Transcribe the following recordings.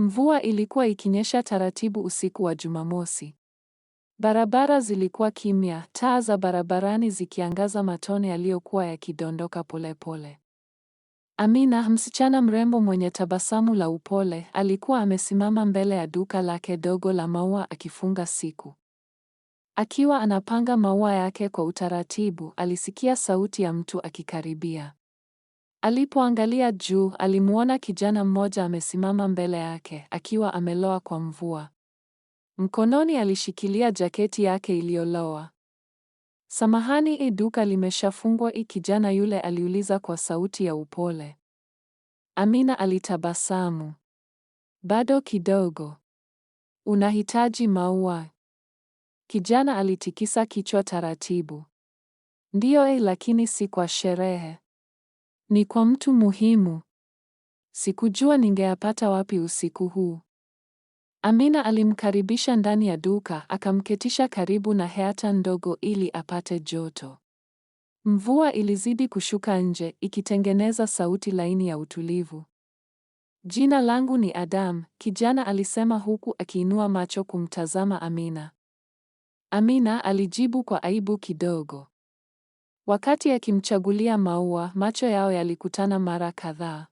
Mvua ilikuwa ikinyesha taratibu usiku wa Jumamosi. Barabara zilikuwa kimya, taa za barabarani zikiangaza matone yaliyokuwa yakidondoka polepole. Amina, msichana mrembo mwenye tabasamu la upole, alikuwa amesimama mbele ya duka lake dogo la maua akifunga siku. Akiwa anapanga maua yake kwa utaratibu, alisikia sauti ya mtu akikaribia. Alipoangalia juu, alimwona kijana mmoja amesimama mbele yake akiwa ameloa kwa mvua. Mkononi alishikilia jaketi yake iliyoloa. Samahani, i duka limeshafungwa i? Kijana yule aliuliza kwa sauti ya upole. Amina alitabasamu. Bado kidogo. Unahitaji maua? Kijana alitikisa kichwa taratibu. Ndiyo, e, lakini si kwa sherehe. Ni kwa mtu muhimu. Sikujua ningeyapata wapi usiku huu. Amina alimkaribisha ndani ya duka, akamketisha karibu na heata ndogo ili apate joto. Mvua ilizidi kushuka nje, ikitengeneza sauti laini ya utulivu. Jina langu ni Adam, kijana alisema huku akiinua macho kumtazama Amina. Amina alijibu kwa aibu kidogo. Wakati akimchagulia maua, macho yao yalikutana mara kadhaa.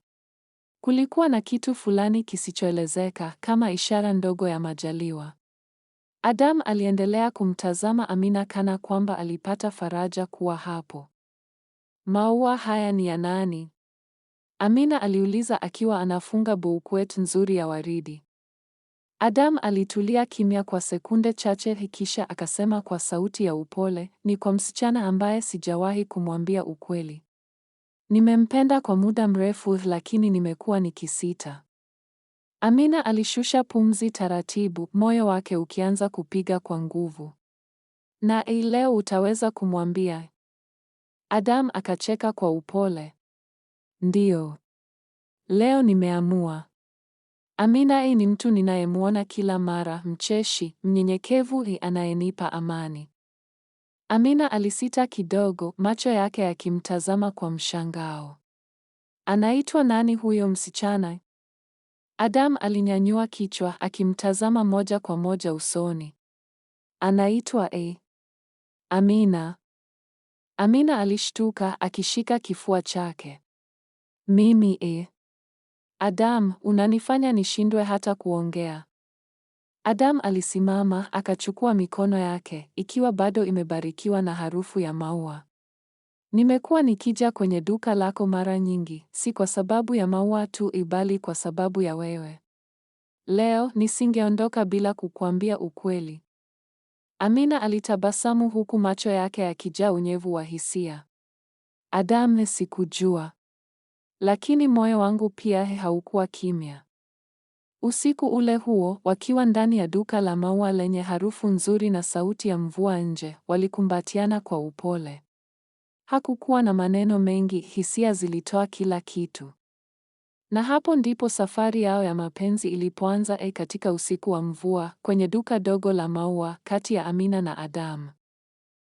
Kulikuwa na kitu fulani kisichoelezeka, kama ishara ndogo ya majaliwa. Adam aliendelea kumtazama Amina kana kwamba alipata faraja kuwa hapo. Maua haya ni ya nani? Amina aliuliza akiwa anafunga buukwet nzuri ya waridi. Adam alitulia kimya kwa sekunde chache kisha akasema kwa sauti ya upole, ni kwa msichana ambaye sijawahi kumwambia ukweli. Nimempenda kwa muda mrefu lakini nimekuwa nikisita. Amina alishusha pumzi taratibu, moyo wake ukianza kupiga kwa nguvu. Na leo utaweza kumwambia? Adam akacheka kwa upole. Ndiyo. Leo nimeamua. Aminae ni mtu ninayemwona kila mara, mcheshi, mnyenyekevu, anayenipa amani. Amina alisita kidogo, macho yake yakimtazama kwa mshangao. Anaitwa nani huyo msichana? Adam alinyanyua kichwa akimtazama moja kwa moja usoni. Anaitwa e. Amina. Amina alishtuka akishika kifua chake. Mimi e. Adam, unanifanya nishindwe hata kuongea. Adam alisimama, akachukua mikono yake, ikiwa bado imebarikiwa na harufu ya maua. Nimekuwa nikija kwenye duka lako mara nyingi, si kwa sababu ya maua tu, ibali kwa sababu ya wewe. Leo nisingeondoka bila kukuambia ukweli. Amina alitabasamu huku macho yake yakijaa unyevu wa hisia. Adam, sikujua. Lakini moyo wangu pia haukuwa kimya. Usiku ule huo, wakiwa ndani ya duka la maua lenye harufu nzuri na sauti ya mvua nje, walikumbatiana kwa upole. Hakukuwa na maneno mengi, hisia zilitoa kila kitu. Na hapo ndipo safari yao ya mapenzi ilipoanza. E, katika usiku wa mvua, kwenye duka dogo la maua, kati ya Amina na adamu